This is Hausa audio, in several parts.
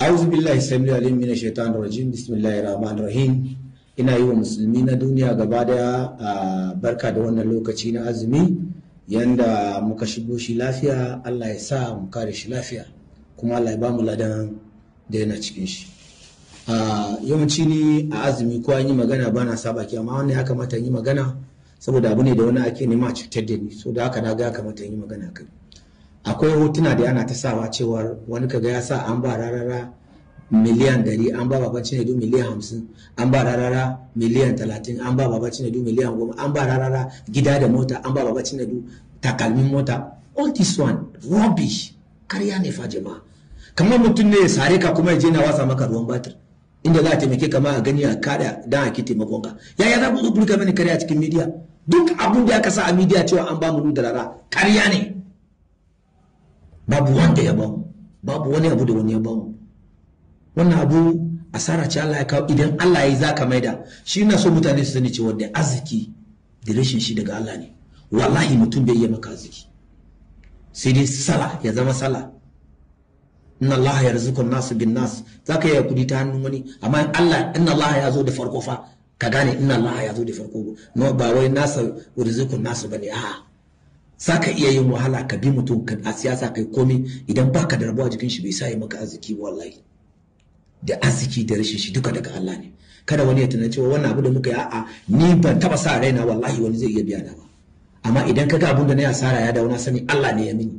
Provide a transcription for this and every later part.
auzu billahi sami'ul alim min shaitanir rajim bismillahir rahmanir rahim ina yi wa musulmi na duniya gaba a barka da wannan lokaci na azumi yanda muka shigo shi lafiya Allah ya sa mu kare shi lafiya kuma Allah ya ba mu ladan da yana cikin shi yawanci ni a azumi ko an yi magana ba na saba ki amma wannan ya kamata yi magana saboda abu ne da wani ake nema cutar da ni so da haka na ga ya kamata yi magana kai akwai hotuna da ana ta sawa cewar wani kaga ya sa an ba rarara miliyan dari an ba baban cinedu miliyan hamsin an ba rarara miliyan talatin an ba baban cinedu miliyan goma an ba rarara gida da mota an ba baban cinedu takalmin mota all this one rubbish karya ne fa jama'a kamar mutum ne ya sare ka kuma ya je na wasa maka ruwan batir inda za a taimake ka ma a gani a kada dan a ki taimakon ka yaya za ku zo ku rika mani karya cikin midiya duk abun da aka sa a midiya cewa an ba mu da rara karya ne babu wanda ya bawo babu wani abu da wani ya bawo wannan abu asara ce Allah ya kawo idan Allah ya yi zaka maida shi na so mutane su sani cewa da arziki da rashin shi daga Allah ne wallahi mutum bai yi maka arziki sai dai sala ya zama sala inna Allah ya rizuka nasu bin nas zaka yi kudi ta hannun wani amma in Allah inna Allah ya zo da farko fa ka gane inna Allah ya zo da farko ba wai nasa rizukun nasu bane a'a za ka iya yin wahala ka bi mutum kan a siyasa kai komi idan baka da rabuwa jikin shi bai sa ya maka arziki wallahi da arziki da rashin shi duka daga Allah ne kada wani ya tana cewa wannan abu da muka yi a'a ni ban taba sa raina wallahi wani zai iya biya na ba amma idan kaga abun da na yi asara ya dawo na sani Allah ne ya mini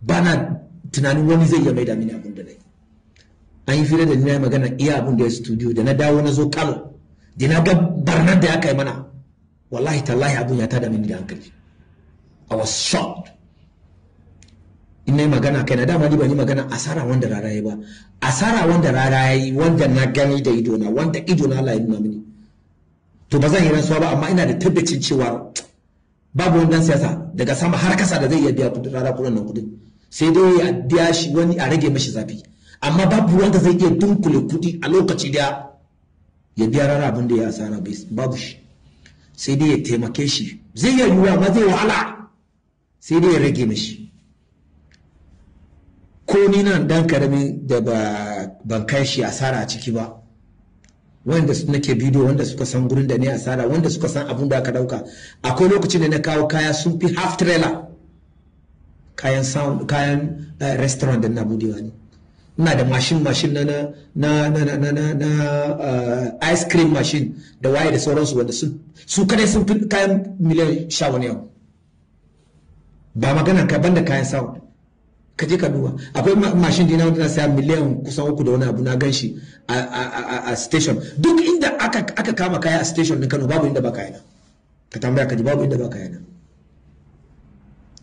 bana tunanin wani zai iya maida mini abun da na yi an yi fira da ni na magana iya abun da ya studio da na dawo na zo Kano da na ga barnar da ya kai mana wallahi tallahi abun ya tada mini da hankali I was shocked Ina magana kai na dama ni ba ni magana asara wanda rara ya ba asara wanda rara ya yi wanda na gani da idona wanda idona Allah ya nuna mini to ba zan yi rantsuwa ba amma ina da tabbacin cewa babu wani siyasa daga sama har kasa da zai iya biya kudin rara kudin nan kudin sai dai ya biya shi wani a rage mashi zafi amma babu wanda zai iya dunkule kudi a lokaci da ya biya rara abin da ya asara babu shi sai dai ya taimake shi zai iya yiwuwa ma zai wahala sai dai ya rage mashi ko ni nan dan karami da ban kai shi asara a ciki ba wanda su nake bidiyo wanda suka san gurin da ne asara wanda suka san abin da aka dauka akwai lokacin da na kawo kaya sun fi half trailer kayan sound kayan eh, restaurant da na bude ne ina da mashin mashin na na na na na na eh, ice cream mashin da waye da sauransu wanda su kadai sun fi kayan miliyan sha wani yau ba magana ka banda kayan sawa ka je ka duba akwai mashin dina wanda na saya miliyan kusan uku da wani abu na gan shi a station duk inda aka kama kaya a station din Kano babu inda ba kayana ka tambaya ka ji babu inda ba kayana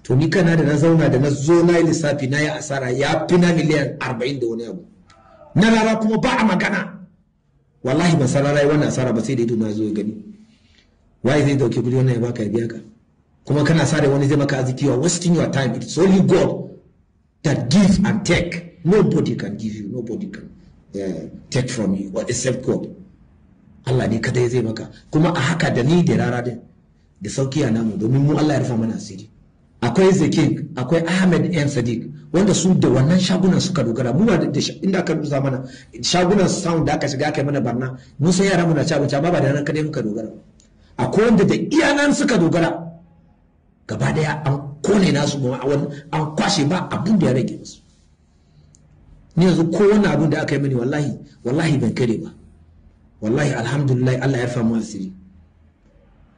to ni kana da na zauna da na zo na yi lissafi na yi asara ya fi na miliyan arba'in da wani abu na rara kuma ba a magana wallahi ban san rara yi wannan asara ba sai da ido na zo gani waye zai dauke kudi wannan ya baka ya biya ka kuma kana sa da wani zai maka arziki you are wasting your time it's only God that gives and take nobody can give you nobody can uh, take from you what except God Allah ne kadai zai maka kuma a haka da ni da rara din da sauki a namu domin mu Allah ya rufa mana asiri akwai zakin akwai ahmed m sadiq wanda su da wannan shagunan suka dogara mu ba da inda aka rusa mana shagunan sound da aka shiga aka mana barna mun san yara mu na ci abinci ba da nan kadai muka dogara akwai wanda da iyanan suka dogara gaba daya an kone nasu goma an kwashe ba abin da ya rage musu ni yanzu ko wani abin da aka yi mini wallahi wallahi ban kare ba wallahi alhamdulillah Allah ya famu asiri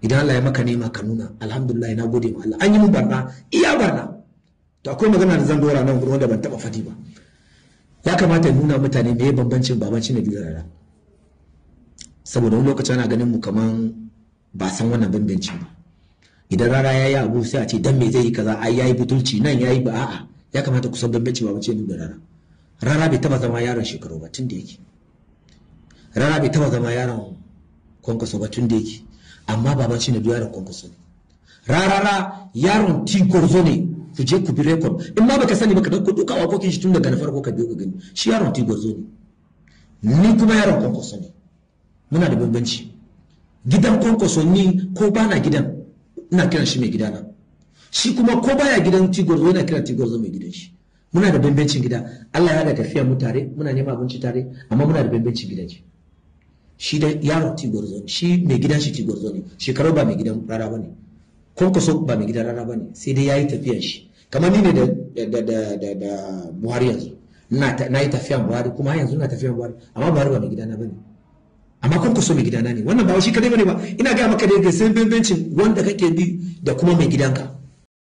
idan Allah ya maka nema ka nuna alhamdulillah na gode ma Allah an yi mu barna iya barna to akwai magana da zan dora nan wanda ban taba fadi ba ya kamata ya nuna mutane me bambancin babanci na biyu da saboda wani lokaci ana ganin mu kaman ba san wannan bambancin ba idan rana ya yi abu sai a ce dan me zai yi kaza ai yayi butulci nan yayi ba a'a ya kamata ku san bambanci ba bace da rana rana bai taba zama yaron shekaru ba tun da yake rana bai taba zama yaron kwankwaso ba tun da yake amma baban shi ne duk yaron kwankwaso ne rarara yaron tigorzo ne ku je ku bi rekod in ma baka sani baka dauko duka wakokin shi tun daga na farko ka biyo ka gani shi yaron tigorzo ne ni kuma yaron kwankwaso ne muna da bambanci gidan kwankwaso ni ko bana gidan ina kiran shi mai gidana shi kuma ko baya gidan tigorzo yana kiran tigorzo mai gidan shi muna da bambancin gida Allah ya da tafiya mu tare muna nema abinci tare amma muna da bambancin gidan shi da yaro tigorzo shi mai gidan shi tigorzo ne shekaru ba mai gidan rara bane kwankwaso ba mai gidan rara bane sai dai yayi tafiyar shi kamar ni ne da da da da da Buhari yanzu na yi tafiyan Buhari kuma yanzu na tafiya Buhari amma Buhari ba mai gidana bane amma kun ku so mai gidana ne wannan ba shi kadai bane ba ina ga maka da ga san bambancin wanda kake bi da kuma mai gidanka